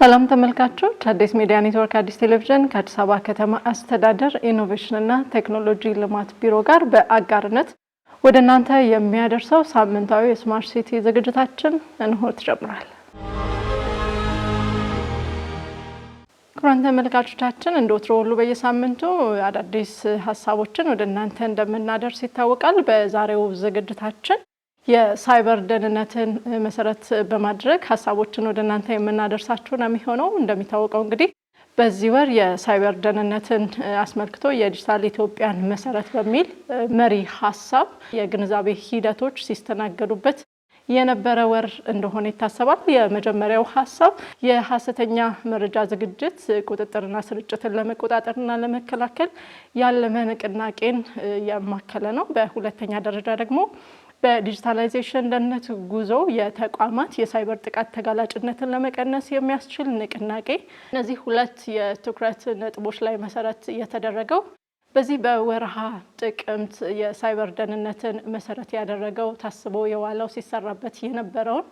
ሰላም ተመልካቾች፣ አዲስ ሚዲያ ኔትወርክ አዲስ ቴሌቪዥን ከአዲስ አበባ ከተማ አስተዳደር ኢኖቬሽንና ቴክኖሎጂ ልማት ቢሮ ጋር በአጋርነት ወደ እናንተ የሚያደርሰው ሳምንታዊ የስማርት ሲቲ ዝግጅታችን እንሆ ትጀምራል። ክቡራን ተመልካቾቻችን እንደ ወትሮ ሁሉ በየሳምንቱ አዳዲስ ሀሳቦችን ወደ እናንተ እንደምናደርስ ይታወቃል። በዛሬው ዝግጅታችን የሳይበር ደህንነትን መሰረት በማድረግ ሀሳቦችን ወደ እናንተ የምናደርሳችሁ ነው የሚሆነው። እንደሚታወቀው እንግዲህ በዚህ ወር የሳይበር ደህንነትን አስመልክቶ የዲጂታል ኢትዮጵያን መሰረት በሚል መሪ ሀሳብ የግንዛቤ ሂደቶች ሲስተናገዱበት የነበረ ወር እንደሆነ ይታሰባል። የመጀመሪያው ሀሳብ የሀሰተኛ መረጃ ዝግጅት ቁጥጥርና ስርጭትን ለመቆጣጠርና ለመከላከል ያለመ ንቅናቄን ያማከለ ነው። በሁለተኛ ደረጃ ደግሞ በዲጂታላይዜሽን ደህንነት ጉዞ የተቋማት የሳይበር ጥቃት ተጋላጭነትን ለመቀነስ የሚያስችል ንቅናቄ። እነዚህ ሁለት የትኩረት ነጥቦች ላይ መሰረት የተደረገው በዚህ በወርሃ ጥቅምት የሳይበር ደህንነትን መሰረት ያደረገው ታስቦ የዋለው ሲሰራበት የነበረውን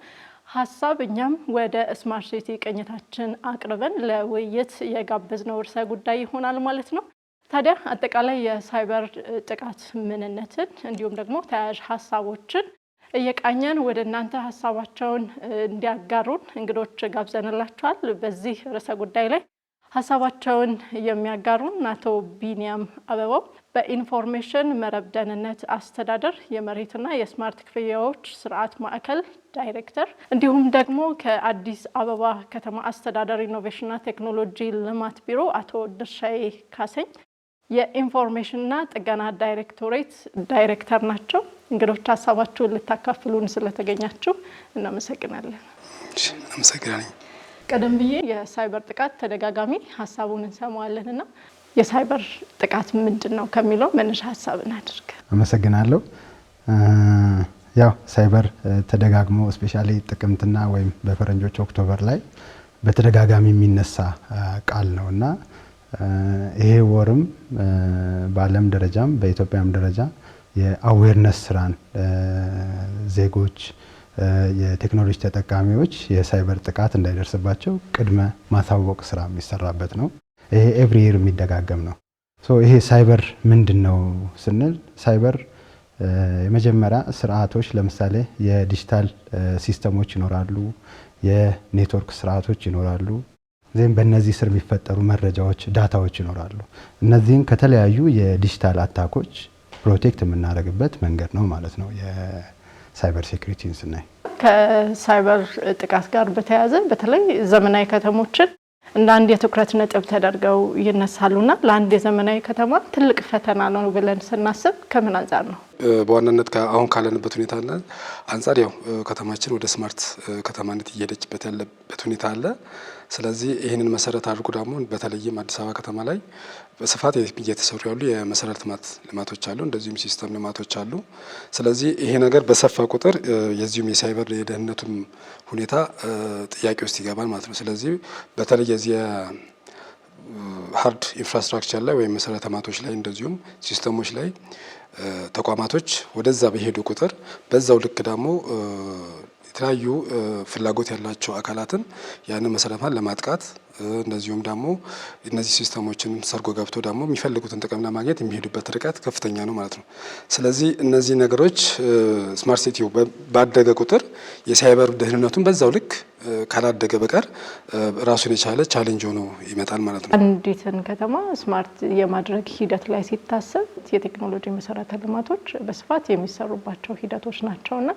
ሀሳብ እኛም ወደ ስማርት ሲቲ ቅኝታችን አቅርበን ለውይይት የጋበዝነው ርዕሰ ጉዳይ ይሆናል ማለት ነው። ታዲያ አጠቃላይ የሳይበር ጥቃት ምንነትን እንዲሁም ደግሞ ተያያዥ ሀሳቦችን እየቃኘን ወደ እናንተ ሀሳባቸውን እንዲያጋሩን እንግዶች ጋብዘንላቸዋል በዚህ ርዕሰ ጉዳይ ላይ ሀሳባቸውን የሚያጋሩን አቶ ቢኒያም አበባው በኢንፎርሜሽን መረብ ደህንነት አስተዳደር የመሬትና የስማርት ክፍያዎች ስርዓት ማዕከል ዳይሬክተር፣ እንዲሁም ደግሞ ከአዲስ አበባ ከተማ አስተዳደር ኢኖቬሽንና ቴክኖሎጂ ልማት ቢሮ አቶ ድርሻዬ ካሰኝ የኢንፎርሜሽንና ጥገና ዳይሬክቶሬት ዳይሬክተር ናቸው። እንግዶች ሀሳባችሁን ልታካፍሉን ስለተገኛችሁ እናመሰግናለን። አመሰግናለኝ። ቀደም ብዬ የሳይበር ጥቃት ተደጋጋሚ ሀሳቡን እንሰማዋለን እና የሳይበር ጥቃት ምንድን ነው ከሚለው መነሻ ሀሳብ አድርግ። አመሰግናለሁ። ያው ሳይበር ተደጋግሞ እስፔሻሊ ጥቅምትና ወይም በፈረንጆች ኦክቶበር ላይ በተደጋጋሚ የሚነሳ ቃል ነው እና ይሄ ወርም በዓለም ደረጃም በኢትዮጵያም ደረጃ የአዌርነስ ስራን ዜጎች የቴክኖሎጂ ተጠቃሚዎች የሳይበር ጥቃት እንዳይደርስባቸው ቅድመ ማሳወቅ ስራ የሚሰራበት ነው። ይሄ ኤቭሪ ይር የሚደጋገም ነው። ይሄ ሳይበር ምንድን ነው ስንል ሳይበር የመጀመሪያ ስርዓቶች ለምሳሌ የዲጂታል ሲስተሞች ይኖራሉ፣ የኔትወርክ ስርዓቶች ይኖራሉ። ዜን በእነዚህ ስር የሚፈጠሩ መረጃዎች፣ ዳታዎች ይኖራሉ። እነዚህን ከተለያዩ የዲጂታል አታኮች ፕሮቴክት የምናደርግበት መንገድ ነው ማለት ነው የሳይበር ሴኩሪቲን ስናይ። ከሳይበር ጥቃት ጋር በተያያዘ በተለይ ዘመናዊ ከተሞችን እንደ አንድ የትኩረት ነጥብ ተደርገው ይነሳሉና ለአንድ የዘመናዊ ከተማ ትልቅ ፈተና ነው ብለን ስናስብ ከምን አንጻር ነው? በዋናነት አሁን ካለንበት ሁኔታ አንጻር ያው ከተማችን ወደ ስማርት ከተማነት እየሄደችበት ያለበት ሁኔታ አለ። ስለዚህ ይህንን መሰረት አድርጎ ደግሞ በተለይም አዲስ አበባ ከተማ ላይ በስፋት እየተሰሩ ያሉ የመሰረተ ልማት ልማቶች አሉ፣ እንደዚሁም ሲስተም ልማቶች አሉ። ስለዚህ ይሄ ነገር በሰፋ ቁጥር የዚሁም የሳይበር የደህንነቱም ሁኔታ ጥያቄ ውስጥ ይገባል ማለት ነው። ስለዚህ በተለይ የዚህ ሀርድ ኢንፍራስትራክቸር ላይ ወይም መሰረተ ልማቶች ላይ እንደዚሁም ሲስተሞች ላይ ተቋማቶች ወደዛ በሄዱ ቁጥር በዛው ልክ ደግሞ የተለያዩ ፍላጎት ያላቸው አካላትን ያንን መሰረት ለማጥቃት እንደዚሁም ደግሞ እነዚህ ሲስተሞችን ሰርጎ ገብቶ ደግሞ የሚፈልጉትን ጥቅም ለማግኘት የሚሄዱበት ርቀት ከፍተኛ ነው ማለት ነው። ስለዚህ እነዚህ ነገሮች ስማርት ሲቲው ባደገ ቁጥር የሳይበር ደህንነቱን በዛው ልክ ካላደገ በቀር ራሱን የቻለ ቻሌንጅ ሆኖ ይመጣል ማለት ነው። አንዲትን ከተማ ስማርት የማድረግ ሂደት ላይ ሲታሰብ የቴክኖሎጂ መሰረተ ልማቶች በስፋት የሚሰሩባቸው ሂደቶች ናቸው እና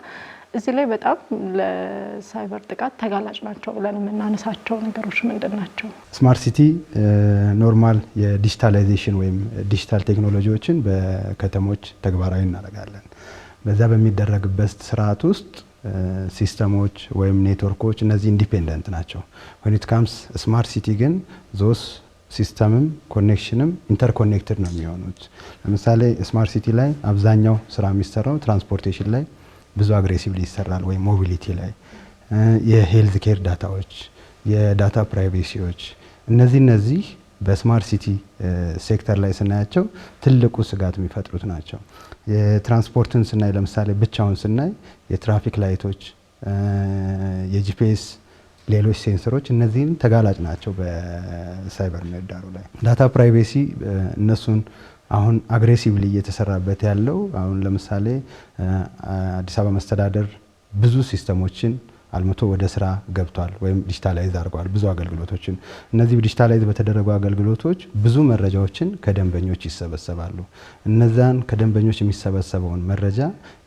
እዚህ ላይ በጣም ለሳይበር ጥቃት ተጋላጭ ናቸው ብለን የምናነሳቸው ነገሮች ምንድን ናቸው? ስማርት ሲቲ ኖርማል የዲጂታላይዜሽን ወይም ዲጂታል ቴክኖሎጂዎችን በከተሞች ተግባራዊ እናደርጋለን። በዛ በሚደረግበት ስርዓት ውስጥ ሲስተሞች ወይም ኔትወርኮች እነዚህ ኢንዲፔንደንት ናቸው። ዌኒት ካምስ ስማርት ሲቲ ግን ዞስ ሲስተምም ኮኔክሽንም ኢንተርኮኔክትድ ነው የሚሆኑት። ለምሳሌ ስማርት ሲቲ ላይ አብዛኛው ስራ የሚሰራው ትራንስፖርቴሽን ላይ ብዙ አግሬሲቭሊ ይሰራል ወይ ሞቢሊቲ ላይ የሄልዝ ኬር ዳታዎች፣ የዳታ ፕራይቬሲዎች እነዚህ እነዚህ በስማርት ሲቲ ሴክተር ላይ ስናያቸው ትልቁ ስጋት የሚፈጥሩት ናቸው። የትራንስፖርትን ስናይ ለምሳሌ ብቻውን ስናይ የትራፊክ ላይቶች፣ የጂፒኤስ ሌሎች ሴንሰሮች እነዚህም ተጋላጭ ናቸው በሳይበር ምህዳሩ ላይ። ዳታ ፕራይቬሲ እነሱን አሁን አግሬሲቭሊ እየተሰራበት ያለው አሁን ለምሳሌ አዲስ አበባ መስተዳደር ብዙ ሲስተሞችን አልምቶ ወደ ስራ ገብቷል ወይም ዲጂታላይዝ አድርጓል ብዙ አገልግሎቶችን። እነዚህ ዲጂታላይዝ በተደረጉ አገልግሎቶች ብዙ መረጃዎችን ከደንበኞች ይሰበሰባሉ። እነዛን ከደንበኞች የሚሰበሰበውን መረጃ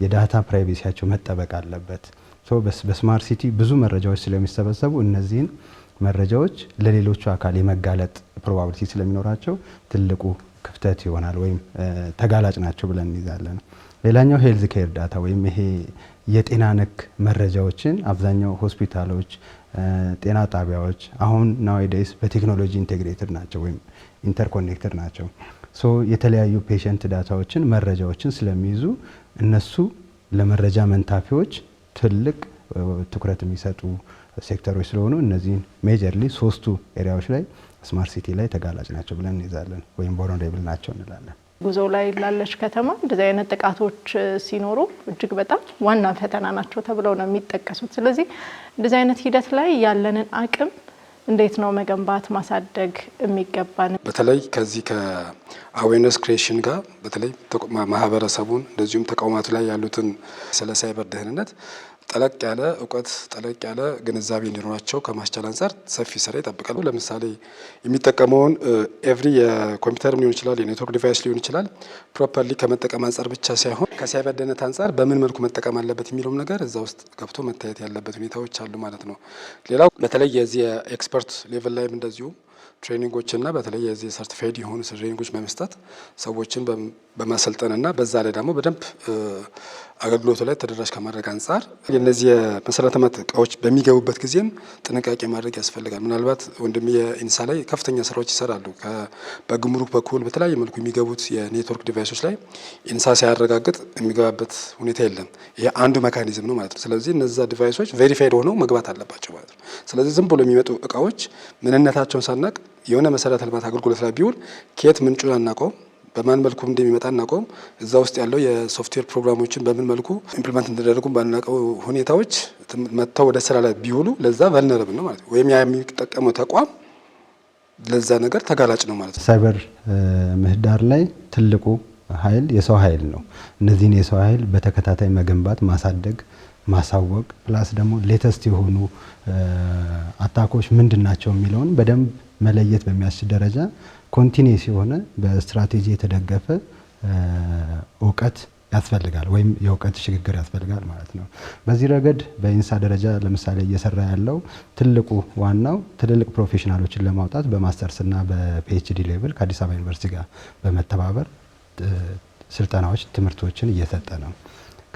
የዳታ ፕራይቬሲያቸው መጠበቅ አለበት። በስማርት ሲቲ ብዙ መረጃዎች ስለሚሰበሰቡ እነዚህን መረጃዎች ለሌሎቹ አካል የመጋለጥ ፕሮባብሊቲ ስለሚኖራቸው ትልቁ ክፍተት ይሆናል ወይም ተጋላጭ ናቸው ብለን እንይዛለን። ሌላኛው ሄልዝ ኬር ዳታ ወይም ይሄ የጤና ነክ መረጃዎችን አብዛኛው ሆስፒታሎች፣ ጤና ጣቢያዎች አሁን ናዊዴይስ በቴክኖሎጂ ኢንቴግሬትድ ናቸው ወይም ኢንተርኮኔክትድ ናቸው። ሶ የተለያዩ ፔሽንት ዳታዎችን መረጃዎችን ስለሚይዙ እነሱ ለመረጃ መንታፊዎች ትልቅ ትኩረት የሚሰጡ ሴክተሮች ስለሆኑ እነዚህን ሜጀርሊ ሶስቱ ኤሪያዎች ላይ ስማርት ሲቲ ላይ ተጋላጭ ናቸው ብለን እንይዛለን ወይም ቮልነራብል ናቸው እንላለን። ጉዞ ላይ ላለች ከተማ እንደዚህ አይነት ጥቃቶች ሲኖሩ እጅግ በጣም ዋና ፈተና ናቸው ተብለው ነው የሚጠቀሱት። ስለዚህ እንደዚህ አይነት ሂደት ላይ ያለንን አቅም እንዴት ነው መገንባት ማሳደግ የሚገባን? በተለይ ከዚህ ከአዌርነስ ክሬሽን ጋር በተለይ ማህበረሰቡን እንደዚሁም ተቋማቱ ላይ ያሉትን ስለ ሳይበር ደህንነት ጠለቅ ያለ እውቀት ጠለቅ ያለ ግንዛቤ እንዲኖራቸው ከማስቻል አንጻር ሰፊ ስራ ይጠብቃል። ለምሳሌ የሚጠቀመውን ኤቭሪ የኮምፒውተር ሊሆን ይችላል የኔትወርክ ዲቫይስ ሊሆን ይችላል ፕሮፐርሊ ከመጠቀም አንጻር ብቻ ሳይሆን ከሳይበር ደህንነት አንጻር በምን መልኩ መጠቀም አለበት የሚለውም ነገር እዛ ውስጥ ገብቶ መታየት ያለበት ሁኔታዎች አሉ ማለት ነው። ሌላው በተለይ የዚህ የኤክስፐርት ሌቨል ላይም እንደዚሁ ትሬኒንጎችና በተለይ የዚህ ሰርቲፋይድ የሆኑ ትሬኒንጎች በመስጠት ሰዎችን በማሰልጠንና በዛ ላይ ደግሞ በደንብ አገልግሎቱ ላይ ተደራሽ ከማድረግ አንጻር እነዚህ የመሰረተ ልማት እቃዎች በሚገቡበት ጊዜም ጥንቃቄ ማድረግ ያስፈልጋል። ምናልባት ወንድም የኢንሳ ላይ ከፍተኛ ስራዎች ይሰራሉ። በግምሩክ በኩል በተለያየ መልኩ የሚገቡት የኔትወርክ ዲቫይሶች ላይ ኢንሳ ሲያረጋግጥ የሚገባበት ሁኔታ የለም። ይሄ አንዱ መካኒዝም ነው ማለት ነው። ስለዚህ እነዛ ዲቫይሶች ቬሪፋይድ ሆነው መግባት አለባቸው ማለት ነው። ስለዚህ ዝም ብሎ የሚመጡ እቃዎች ምንነታቸውን ሳናቅ የሆነ መሰረተ ልማት አገልግሎት ላይ ቢውል ከየት ምንጩን አናውቀውም በማን መልኩ እንደሚመጣ እናውቀውም። እዛ ውስጥ ያለው የሶፍትዌር ፕሮግራሞችን በምን መልኩ ኢምፕሊመንት እንደደረጉ ባናቀው ሁኔታዎች መጥተው ወደ ስራ ላይ ቢውሉ ለዛ ቫልነረብል ነው ማለት ነው፣ ወይም ያ የሚጠቀመው ተቋም ለዛ ነገር ተጋላጭ ነው ማለት ነው። ሳይበር ምህዳር ላይ ትልቁ ኃይል የሰው ኃይል ነው። እነዚህን የሰው ኃይል በተከታታይ መገንባት፣ ማሳደግ፣ ማሳወቅ ፕላስ ደግሞ ሌተስት የሆኑ አታኮች ምንድን ናቸው የሚለውን በደንብ መለየት በሚያስችል ደረጃ ኮንቲኒስ የሆነ በስትራቴጂ የተደገፈ እውቀት ያስፈልጋል ወይም የእውቀት ሽግግር ያስፈልጋል ማለት ነው። በዚህ ረገድ በኢንሳ ደረጃ ለምሳሌ እየሰራ ያለው ትልቁ ዋናው ትልልቅ ፕሮፌሽናሎችን ለማውጣት በማስተርስ እና በፒኤችዲ ሌቭል ከአዲስ አበባ ዩኒቨርሲቲ ጋር በመተባበር ስልጠናዎች፣ ትምህርቶችን እየሰጠ ነው።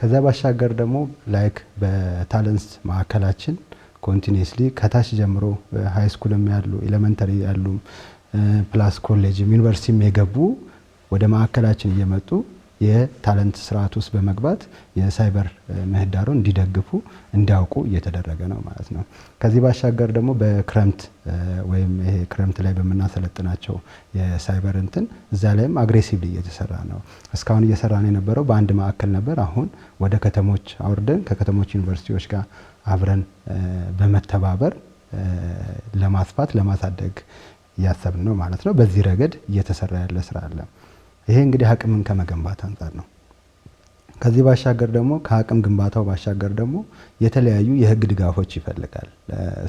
ከዛ ባሻገር ደግሞ ላይክ በታለንት ማዕከላችን ኮንቲኒስሊ ከታች ጀምሮ ስኩልም ያሉ ኤሌመንተሪ ያሉ ፕላስ ኮሌጅም ዩኒቨርሲቲም የገቡ ወደ ማዕከላችን እየመጡ የታለንት ስርዓት ውስጥ በመግባት የሳይበር ምህዳሩን እንዲደግፉ እንዲያውቁ እየተደረገ ነው ማለት ነው። ከዚህ ባሻገር ደግሞ በክረምት ወይም ይሄ ክረምት ላይ በምናሰለጥናቸው የሳይበር እንትን እዛ ላይም አግሬሲቭሊ እየተሰራ ነው። እስካሁን እየሰራ ነው የነበረው በአንድ ማዕከል ነበር። አሁን ወደ ከተሞች አውርደን ከከተሞች ዩኒቨርሲቲዎች ጋር አብረን በመተባበር ለማስፋት ለማሳደግ እያሰብን ነው ማለት ነው። በዚህ ረገድ እየተሰራ ያለ ስራ አለ። ይሄ እንግዲህ አቅምን ከመገንባት አንጻር ነው። ከዚህ ባሻገር ደግሞ ከአቅም ግንባታው ባሻገር ደግሞ የተለያዩ የህግ ድጋፎች ይፈልጋል።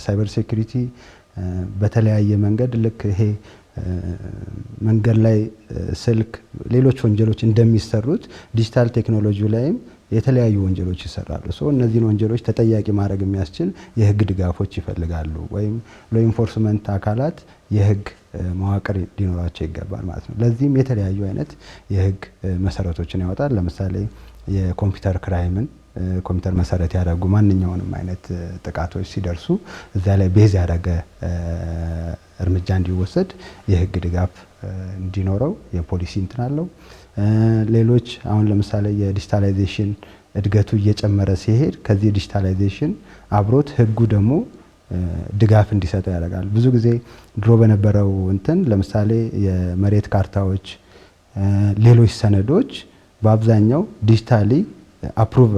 ሳይበር ሴኩሪቲ በተለያየ መንገድ ልክ ይሄ መንገድ ላይ ስልክ፣ ሌሎች ወንጀሎች እንደሚሰሩት ዲጂታል ቴክኖሎጂ ላይም የተለያዩ ወንጀሎች ይሰራሉ። ሶ እነዚህን ወንጀሎች ተጠያቂ ማድረግ የሚያስችል የህግ ድጋፎች ይፈልጋሉ። ወይም ሎ ኢንፎርስመንት አካላት የህግ መዋቅር ሊኖራቸው ይገባል ማለት ነው። ለዚህም የተለያዩ አይነት የህግ መሰረቶችን ያወጣል። ለምሳሌ የኮምፒውተር ክራይምን ኮምፒውተር መሰረት ያደረጉ ማንኛውንም አይነት ጥቃቶች ሲደርሱ እዚያ ላይ ቤዝ ያደረገ እርምጃ እንዲወሰድ የህግ ድጋፍ እንዲኖረው የፖሊሲ እንትን አለው። ሌሎች አሁን ለምሳሌ የዲጂታላይዜሽን እድገቱ እየጨመረ ሲሄድ ከዚህ ዲጂታላይዜሽን አብሮት ህጉ ደግሞ ድጋፍ እንዲሰጠው ያደርጋል። ብዙ ጊዜ ድሮ በነበረው እንትን ለምሳሌ የመሬት ካርታዎች፣ ሌሎች ሰነዶች በአብዛኛው ዲጂታሊ አፕሩቭ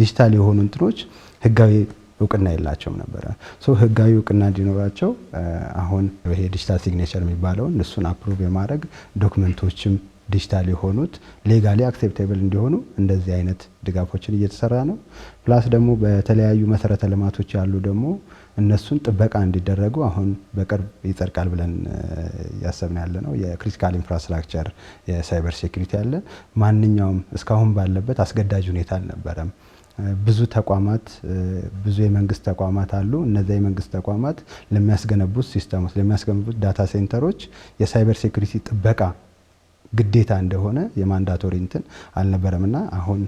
ዲጂታል የሆኑ እንትኖች ህጋዊ እውቅና የላቸውም ነበረ። ሶ ህጋዊ እውቅና እንዲኖራቸው አሁን ይሄ ዲጂታል ሲግኔቸር የሚባለውን እሱን አፕሩቭ የማድረግ ዶክመንቶችም ዲጂታል የሆኑት ሌጋሊ አክሴፕቴብል እንዲሆኑ እንደዚህ አይነት ድጋፎችን እየተሰራ ነው። ፕላስ ደግሞ በተለያዩ መሰረተ ልማቶች ያሉ ደግሞ እነሱን ጥበቃ እንዲደረጉ አሁን በቅርብ ይጸድቃል ብለን እያሰብን ያለ ነው። የክሪቲካል ኢንፍራስትራክቸር የሳይበር ሴኩሪቲ አለ። ማንኛውም እስካሁን ባለበት አስገዳጅ ሁኔታ አልነበረም። ብዙ ተቋማት ብዙ የመንግስት ተቋማት አሉ። እነዚያ የመንግስት ተቋማት ለሚያስገነቡት ሲስተሞች ለሚያስገነቡት ዳታ ሴንተሮች የሳይበር ሴኩሪቲ ጥበቃ ግዴታ እንደሆነ የማንዳቶሪ እንትን አልነበረም እና አሁን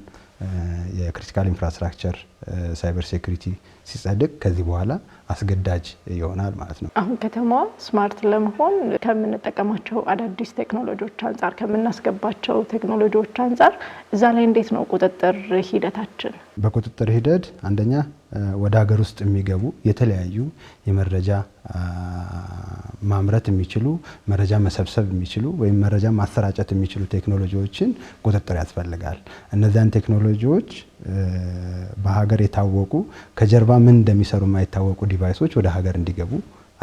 የክሪቲካል ኢንፍራስትራክቸር ሳይበር ሴኩሪቲ ሲጸድቅ ከዚህ በኋላ አስገዳጅ ይሆናል ማለት ነው። አሁን ከተማዋ ስማርት ለመሆን ከምንጠቀማቸው አዳዲስ ቴክኖሎጂዎች አንጻር፣ ከምናስገባቸው ቴክኖሎጂዎች አንጻር እዛ ላይ እንዴት ነው ቁጥጥር ሂደታችን? በቁጥጥር ሂደት አንደኛ ወደ ሀገር ውስጥ የሚገቡ የተለያዩ የመረጃ ማምረት የሚችሉ መረጃ መሰብሰብ የሚችሉ ወይም መረጃ ማሰራጨት የሚችሉ ቴክኖሎጂዎችን ቁጥጥር ያስፈልጋል። እነዚያን ቴክኖሎጂዎች በሀገር የታወቁ ከጀርባ ምን እንደሚሰሩ የማይታወቁ ዲቫይሶች ወደ ሀገር እንዲገቡ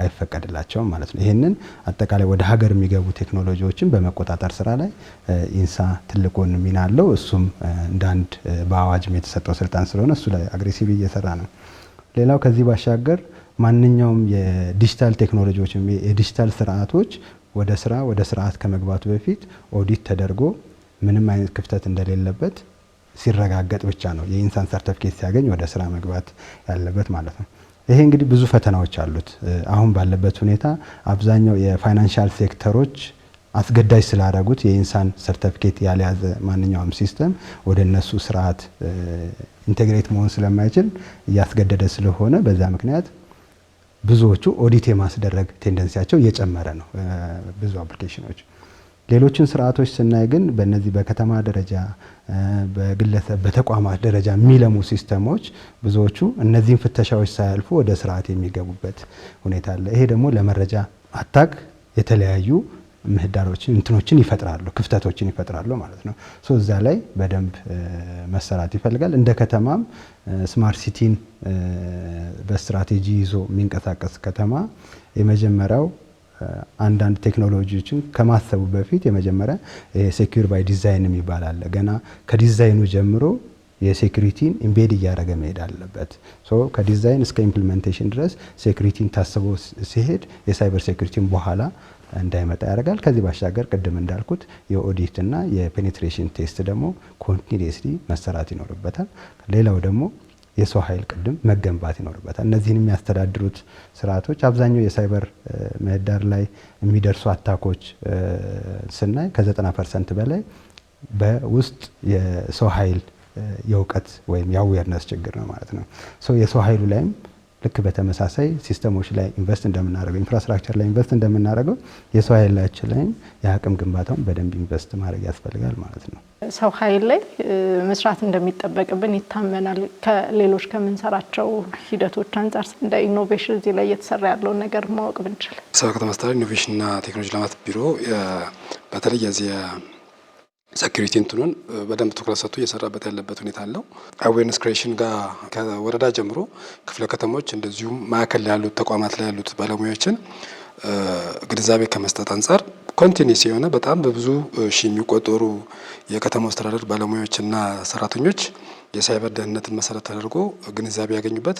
አይፈቀድላቸውም ማለት ነው። ይህንን አጠቃላይ ወደ ሀገር የሚገቡ ቴክኖሎጂዎችን በመቆጣጠር ስራ ላይ ኢንሳ ትልቁን ሚና አለው። እሱም እንደ አንድ በአዋጅም የተሰጠው ስልጣን ስለሆነ እሱ ላይ አግሬሲቭ እየሰራ ነው። ሌላው ከዚህ ባሻገር ማንኛውም የዲጂታል ቴክኖሎጂዎች የዲጂታል ስርዓቶች ወደ ስራ ወደ ስርዓት ከመግባቱ በፊት ኦዲት ተደርጎ ምንም አይነት ክፍተት እንደሌለበት ሲረጋገጥ ብቻ ነው የኢንሳን ሰርተፍኬት ሲያገኝ ወደ ስራ መግባት ያለበት ማለት ነው። ይሄ እንግዲህ ብዙ ፈተናዎች አሉት። አሁን ባለበት ሁኔታ አብዛኛው የፋይናንሻል ሴክተሮች አስገዳጅ ስላደረጉት የኢንሳን ሰርተፊኬት ያልያዘ ማንኛውም ሲስተም ወደ እነሱ ስርዓት ኢንቴግሬት መሆን ስለማይችል እያስገደደ ስለሆነ በዛ ምክንያት ብዙዎቹ ኦዲት የማስደረግ ቴንደንሲያቸው እየጨመረ ነው ብዙ አፕሊኬሽኖች ሌሎችን ስርዓቶች ስናይ ግን በእነዚህ በከተማ ደረጃ በግለሰብ በተቋማት ደረጃ የሚለሙ ሲስተሞች ብዙዎቹ እነዚህን ፍተሻዎች ሳያልፉ ወደ ስርዓት የሚገቡበት ሁኔታ አለ። ይሄ ደግሞ ለመረጃ አታክ የተለያዩ ምህዳሮችን እንትኖችን ይፈጥራሉ፣ ክፍተቶችን ይፈጥራሉ ማለት ነው። ሶ እዛ ላይ በደንብ መሰራት ይፈልጋል። እንደ ከተማም ስማርት ሲቲን በስትራቴጂ ይዞ የሚንቀሳቀስ ከተማ የመጀመሪያው አንዳንድ ቴክኖሎጂዎችን ከማሰቡ በፊት የመጀመሪያ ሴኪር ባይ ዲዛይን የሚባል አለ። ገና ከዲዛይኑ ጀምሮ የሴኩሪቲን ኢምቤድ እያደረገ መሄድ አለበት። ከዲዛይን እስከ ኢምፕሊመንቴሽን ድረስ ሴኩሪቲን ታስቦ ሲሄድ የሳይበር ሴኩሪቲን በኋላ እንዳይመጣ ያደርጋል። ከዚህ ባሻገር ቅድም እንዳልኩት የኦዲት ና የፔኔትሬሽን ቴስት ደግሞ ኮንቲኒየስሊ መሰራት ይኖርበታል። ሌላው ደግሞ የሰው ኃይል ቅድም መገንባት ይኖርበታል። እነዚህን የሚያስተዳድሩት ስርዓቶች አብዛኛው የሳይበር ምህዳር ላይ የሚደርሱ አታኮች ስናይ ከ90 ፐርሰንት በላይ በውስጥ የሰው ኃይል የእውቀት ወይም የአዌርነስ ችግር ነው ማለት ነው። የሰው ኃይሉ ላይም ልክ በተመሳሳይ ሲስተሞች ላይ ኢንቨስት እንደምናደርገው ኢንፍራስትራክቸር ላይ ኢንቨስት እንደምናደርገው የሰው ኃይላችን ላይ የአቅም ግንባታውን በደንብ ኢንቨስት ማድረግ ያስፈልጋል ማለት ነው። ሰው ኃይል ላይ መስራት እንደሚጠበቅብን ይታመናል። ከሌሎች ከምንሰራቸው ሂደቶች አንጻር እንደ ኢኖቬሽን እዚህ ላይ እየተሰራ ያለውን ነገር ማወቅ ብንችል ሰው ከተማ አስተዳደር ኢኖቬሽንና ቴክኖሎጂ ልማት ቢሮ በተለይ የዚህ ሰኪሪቲ እንትኑን በደንብ ትኩረት ሰጥቶ እየሰራበት ያለበት ሁኔታ አለው። አዌርነስ ክሬሽን ጋር ከወረዳ ጀምሮ ክፍለ ከተሞች፣ እንደዚሁም ማዕከል ያሉት ተቋማት ላይ ያሉት ባለሙያዎችን ግንዛቤ ከመስጠት አንጻር ኮንቲኒስ የሆነ በጣም በብዙ ሺህ የሚቆጠሩ የከተማ አስተዳደር ባለሙያዎችና ሰራተኞች የሳይበር ደህንነትን መሰረት ተደርጎ ግንዛቤ ያገኙበት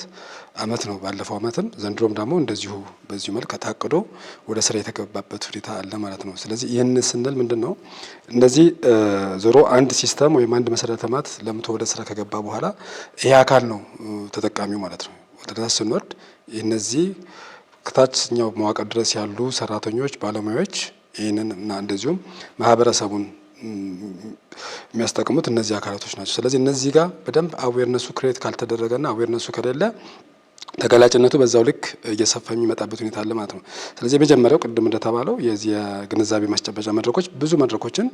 አመት ነው። ባለፈው አመትም ዘንድሮም ደግሞ እንደዚሁ በዚሁ መልክ ታቅዶ ወደ ስራ የተገባበት ሁኔታ አለ ማለት ነው። ስለዚህ ይህን ስንል ምንድን ነው እንደዚህ ዞሮ አንድ ሲስተም ወይም አንድ መሰረተ ልማት ለምቶ ወደ ስራ ከገባ በኋላ ይሄ አካል ነው ተጠቃሚው ማለት ነው። ወደታች ስንወርድ እነዚህ ከታችኛው መዋቅር ድረስ ያሉ ሰራተኞች፣ ባለሙያዎች ይህንን እና እንደዚሁም ማህበረሰቡን የሚያስጠቅሙት እነዚህ አካላቶች ናቸው። ስለዚህ እነዚህ ጋር በደንብ አዌርነሱ ክሬት ካልተደረገና አዌርነሱ ከሌለ ተጋላጭነቱ በዛው ልክ እየሰፋ የሚመጣበት ሁኔታ አለ ማለት ነው። ስለዚህ የመጀመሪያው ቅድም እንደተባለው የዚህ የግንዛቤ ማስጨበጫ መድረኮች ብዙ መድረኮችን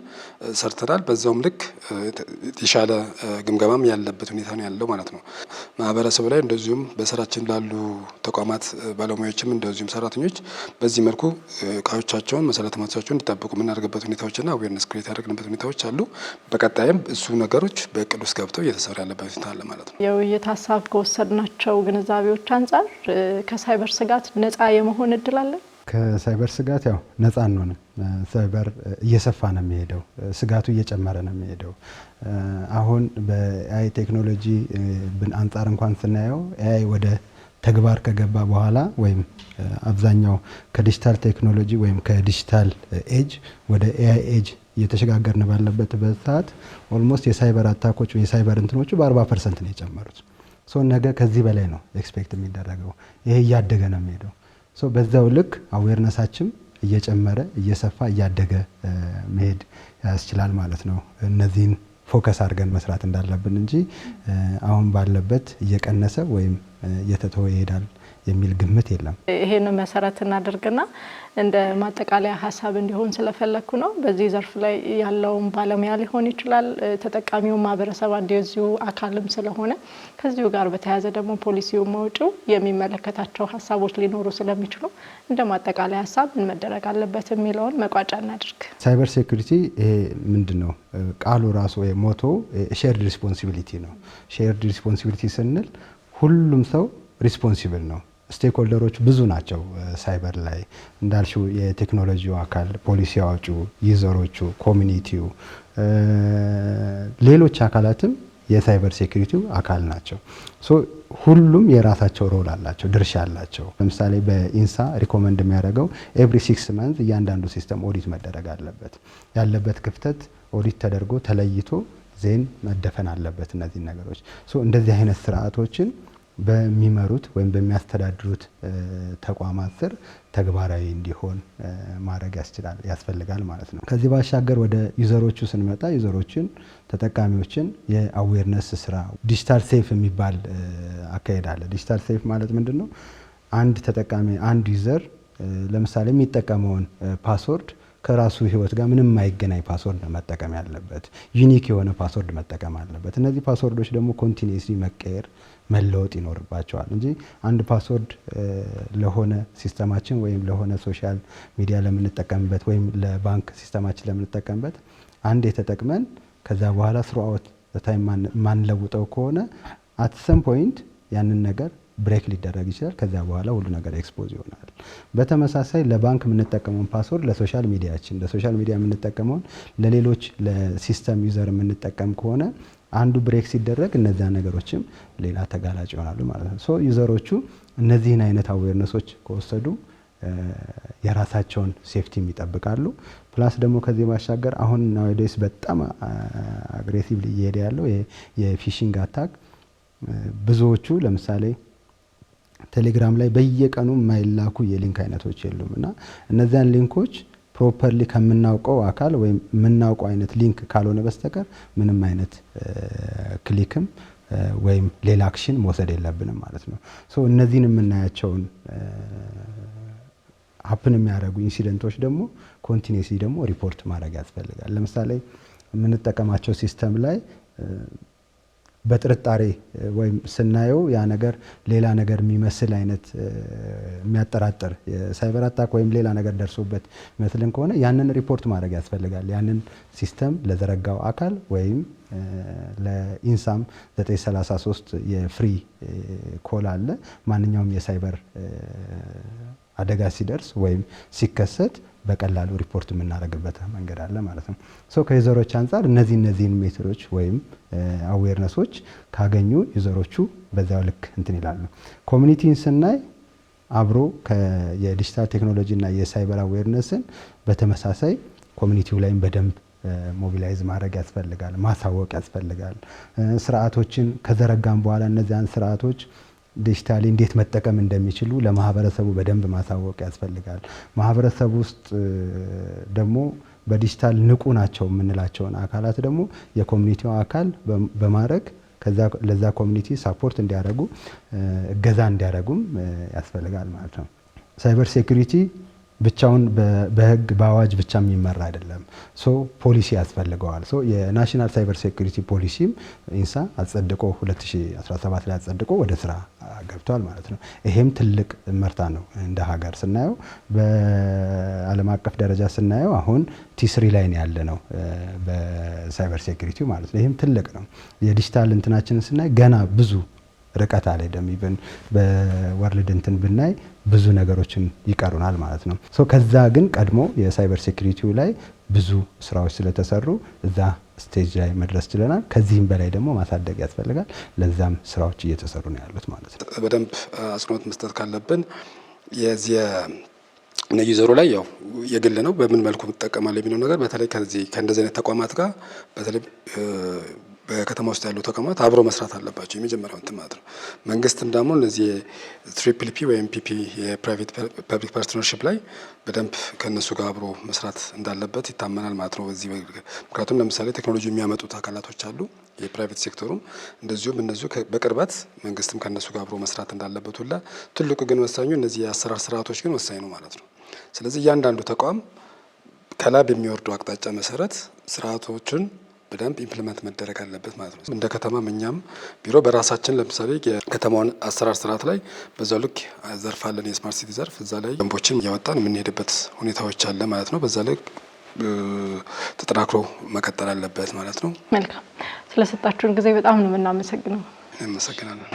ሰርተናል። በዛውም ልክ የተሻለ ግምገማም ያለበት ሁኔታ ነው ያለው ማለት ነው። ማህበረሰቡ ላይ እንደዚሁም በስራችን ላሉ ተቋማት ባለሙያዎችም እንደዚሁም ሰራተኞች በዚህ መልኩ እቃዎቻቸውን መሰረተ ልማቶቻቸውን እንዲጠብቁ የምናደርግበት ሁኔታዎችና አዌርነስ ክሬት ያደረግንበት ሁኔታዎች አሉ። በቀጣይም እሱ ነገሮች በእቅድ ውስጥ ገብተው እየተሰሩ ያለበት ሁኔታ አለ ማለት ነው። የውይይት ሀሳብ ከወሰድናቸው ግንዛቤዎች ከሌሎች አንጻር ከሳይበር ስጋት ነፃ የመሆን እድል አለን? ከሳይበር ስጋት ያው ነፃ አንሆንም። ሳይበር እየሰፋ ነው የሚሄደው፣ ስጋቱ እየጨመረ ነው የሚሄደው። አሁን በኤአይ ቴክኖሎጂ አንጻር እንኳን ስናየው ኤአይ ወደ ተግባር ከገባ በኋላ ወይም አብዛኛው ከዲጂታል ቴክኖሎጂ ወይም ከዲጂታል ኤጅ ወደ ኤአይ ኤጅ እየተሸጋገርን ባለበት ሰዓት ኦልሞስት የሳይበር አታኮች የሳይበር እንትኖቹ በ40 ፐርሰንት ነው የጨመሩት። ሶ ነገ ከዚህ በላይ ነው ኤክስፔክት የሚደረገው። ይሄ እያደገ ነው የሚሄደው። ሶ በዛው ልክ አዌርነሳችን እየጨመረ እየሰፋ እያደገ መሄድ ያስችላል ማለት ነው። እነዚህን ፎከስ አድርገን መስራት እንዳለብን እንጂ አሁን ባለበት እየቀነሰ ወይም እየተተወ ይሄዳል የሚል ግምት የለም። ይሄን መሰረት እናደርግና እንደ ማጠቃለያ ሀሳብ እንዲሆን ስለፈለግኩ ነው። በዚህ ዘርፍ ላይ ያለውን ባለሙያ ሊሆን ይችላል፣ ተጠቃሚው ማህበረሰብ እንደዚሁ አካልም ስለሆነ ከዚሁ ጋር በተያያዘ ደግሞ ፖሊሲው መውጪው የሚመለከታቸው ሀሳቦች ሊኖሩ ስለሚችሉ እንደ ማጠቃለያ ሀሳብ ምን መደረግ አለበት የሚለውን መቋጫ እናድርግ። ሳይበር ሴኩሪቲ ይሄ ምንድን ነው? ቃሉ ራሱ ሞቶ ሼርድ ሪስፖንሲቢሊቲ ነው። ሼርድ ሪስፖንሲቢሊቲ ስንል ሁሉም ሰው ሪስፖንሲብል ነው። ስቴክሆልደሮች ብዙ ናቸው። ሳይበር ላይ እንዳልሽው የቴክኖሎጂው አካል ፖሊሲ አዋጩ፣ ዩዘሮቹ፣ ኮሚኒቲው፣ ሌሎች አካላትም የሳይበር ሴኩሪቲው አካል ናቸው። ሁሉም የራሳቸው ሮል አላቸው፣ ድርሻ አላቸው። ለምሳሌ በኢንሳ ሪኮመንድ የሚያደርገው ኤቭሪ ሲክስ መንት እያንዳንዱ ሲስተም ኦዲት መደረግ አለበት። ያለበት ክፍተት ኦዲት ተደርጎ ተለይቶ ዜን መደፈን አለበት። እነዚህ ነገሮች እንደዚህ አይነት ስርዓቶችን በሚመሩት ወይም በሚያስተዳድሩት ተቋማት ስር ተግባራዊ እንዲሆን ማድረግ ያስችላል ያስፈልጋል ማለት ነው። ከዚህ ባሻገር ወደ ዩዘሮቹ ስንመጣ ዩዘሮችን ተጠቃሚዎችን የአዌርነስ ስራ ዲጂታል ሴፍ የሚባል አካሄድ አለ። ዲጂታል ሴፍ ማለት ምንድን ነው? አንድ ተጠቃሚ አንድ ዩዘር ለምሳሌ የሚጠቀመውን ፓስወርድ ከራሱ ህይወት ጋር ምንም የማይገናኝ ፓስወርድ መጠቀም ያለበት፣ ዩኒክ የሆነ ፓስወርድ መጠቀም አለበት። እነዚህ ፓስወርዶች ደግሞ ኮንቲኒስ መቀየር መለወጥ ይኖርባቸዋል እንጂ አንድ ፓስወርድ ለሆነ ሲስተማችን ወይም ለሆነ ሶሻል ሚዲያ ለምንጠቀምበት ወይም ለባንክ ሲስተማችን ለምንጠቀምበት አንዴ ተጠቅመን ከዛ በኋላ ስሩአወት ታይም ማንለውጠው ከሆነ አት ሰም ፖይንት ያንን ነገር ብሬክ ሊደረግ ይችላል። ከዚያ በኋላ ሁሉ ነገር ኤክስፖዝ ይሆናል። በተመሳሳይ ለባንክ የምንጠቀመውን ፓስወርድ ለሶሻል ሚዲያችን ለሶሻል ሚዲያ የምንጠቀመውን ለሌሎች ለሲስተም ዩዘር የምንጠቀም ከሆነ አንዱ ብሬክ ሲደረግ እነዚያ ነገሮችም ሌላ ተጋላጭ ይሆናሉ ማለት ነው። ሶ ዩዘሮቹ እነዚህን አይነት አዌርነሶች ከወሰዱ የራሳቸውን ሴፍቲም ይጠብቃሉ። ፕላስ ደግሞ ከዚህ ባሻገር አሁን ናዊዴስ በጣም አግሬሲቭ እየሄደ ያለው የፊሽንግ አታክ ብዙዎቹ ለምሳሌ ቴሌግራም ላይ በየቀኑ የማይላኩ የሊንክ አይነቶች የሉም እና እነዚያን ሊንኮች ፕሮፐርሊ ከምናውቀው አካል ወይም የምናውቀው አይነት ሊንክ ካልሆነ በስተቀር ምንም አይነት ክሊክም ወይም ሌላ አክሽን መውሰድ የለብንም ማለት ነው። ሶ እነዚህን የምናያቸውን ሀፕን የሚያደርጉ ኢንሲደንቶች ደግሞ ኮንቲኒስሊ ደግሞ ሪፖርት ማድረግ ያስፈልጋል። ለምሳሌ የምንጠቀማቸው ሲስተም ላይ በጥርጣሬ ወይም ስናየው ያ ነገር ሌላ ነገር የሚመስል አይነት የሚያጠራጥር የሳይበር አታክ ወይም ሌላ ነገር ደርሶበት የሚመስልን ከሆነ ያንን ሪፖርት ማድረግ ያስፈልጋል። ያንን ሲስተም ለዘረጋው አካል ወይም ለኢንሳም 933 የፍሪ ኮል አለ። ማንኛውም የሳይበር አደጋ ሲደርስ ወይም ሲከሰት በቀላሉ ሪፖርት የምናደርግበት መንገድ አለ ማለት ነው። ሶ ከዩዘሮች አንጻር እነዚህ እነዚህን ሜትዶች ወይም አዌርነሶች ካገኙ ዩዘሮቹ በዚያው ልክ እንትን ይላሉ። ኮሚኒቲን ስናይ አብሮ የዲጂታል ቴክኖሎጂ እና የሳይበር አዌርነስን በተመሳሳይ ኮሚኒቲው ላይም በደንብ ሞቢላይዝ ማድረግ ያስፈልጋል፣ ማሳወቅ ያስፈልጋል። ስርዓቶችን ከዘረጋም በኋላ እነዚያን ስርዓቶች ዲጂታሊ እንዴት መጠቀም እንደሚችሉ ለማህበረሰቡ በደንብ ማሳወቅ ያስፈልጋል። ማህበረሰቡ ውስጥ ደግሞ በዲጂታል ንቁ ናቸው የምንላቸውን አካላት ደግሞ የኮሚኒቲው አካል በማድረግ ለዛ ኮሚኒቲ ሳፖርት እንዲያደርጉ እገዛ እንዲያደርጉም ያስፈልጋል ማለት ነው። ሳይበር ሴኩሪቲ ብቻውን በህግ በአዋጅ ብቻ የሚመራ አይደለም። ሶ ፖሊሲ ያስፈልገዋል። ሶ የናሽናል ሳይበር ሴኩሪቲ ፖሊሲም ኢንሳ አጸድቆ 2017 ላይ አጸድቆ ወደ ስራ ገብቷል ማለት ነው። ይሄም ትልቅ መርታ ነው እንደ ሀገር ስናየው። በአለም አቀፍ ደረጃ ስናየው አሁን ቲስሪ ላይ ያለ ነው በሳይበር ሴኩሪቲ ማለት ነው። ይሄም ትልቅ ነው። የዲጂታል እንትናችንን ስናይ ገና ብዙ ርቀት አልሄደም። ኢቨን በወርልድ እንትን ብናይ ብዙ ነገሮችን ይቀሩናል ማለት ነው። ከዛ ግን ቀድሞ የሳይበር ሴኩሪቲው ላይ ብዙ ስራዎች ስለተሰሩ እዛ ስቴጅ ላይ መድረስ ችለናል። ከዚህም በላይ ደግሞ ማሳደግ ያስፈልጋል። ለዛም ስራዎች እየተሰሩ ነው ያሉት ማለት ነው። በደንብ አጽንኦት መስጠት ካለብን የዚህ ዩዘሩ ላይ ያው የግል ነው፣ በምን መልኩ ይጠቀማል የሚለው ነገር በተለይ ከዚህ ከእንደዚህ አይነት ተቋማት ጋር በተለይ በከተማ ውስጥ ያሉ ተቋማት አብሮ መስራት አለባቸው። የመጀመሪያው እንትን ማለት ነው። መንግስትም ደግሞ እነዚህ ትሪፕል ፒ ወይም ፒፒ የፕራይቬት ፐብሊክ ፓርትነርሽፕ ላይ በደንብ ከእነሱ ጋር አብሮ መስራት እንዳለበት ይታመናል ማለት ነው። በዚህ ምክንያቱም ለምሳሌ ቴክኖሎጂ የሚያመጡት አካላቶች አሉ፣ የፕራይቬት ሴክተሩም እንደዚሁም እነዚሁ በቅርበት መንግስትም ከእነሱ ጋር አብሮ መስራት እንዳለበት ሁላ ትልቁ ግን ወሳኙ እነዚህ የአሰራር ስርዓቶች ግን ወሳኝ ነው ማለት ነው። ስለዚህ እያንዳንዱ ተቋም ከላይ የሚወርዱ አቅጣጫ መሰረት ስርዓቶችን በደንብ ኢምፕሊመንት መደረግ አለበት ማለት ነው። እንደ ከተማም እኛም ቢሮ በራሳችን ለምሳሌ የከተማውን አሰራር ስርዓት ላይ በዛ ልክ ዘርፍ አለን፣ የስማርት ሲቲ ዘርፍ እዛ ላይ ደንቦችን እያወጣን የምንሄድበት ሁኔታዎች አለ ማለት ነው። በዛ ላይ ተጠናክሮ መቀጠል አለበት ማለት ነው። መልካም ስለሰጣችሁን ጊዜ በጣም ነው የምናመሰግነው። እናመሰግናለን።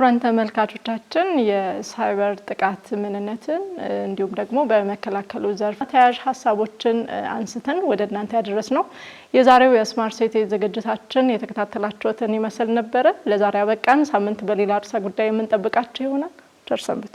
ክቡራን ተመልካቾቻችን የሳይበር ጥቃት ምንነትን እንዲሁም ደግሞ በመከላከሉ ዘርፍ ተያያዥ ሀሳቦችን አንስተን ወደ እናንተ ያደረስ ነው የዛሬው የስማርት ሲቲ ዝግጅታችን የተከታተላችሁትን ይመስል ነበረ። ለዛሬ አበቃን። ሳምንት በሌላ ርዕሰ ጉዳይ የምንጠብቃቸው ይሆናል። ቸር ሰንብቱ።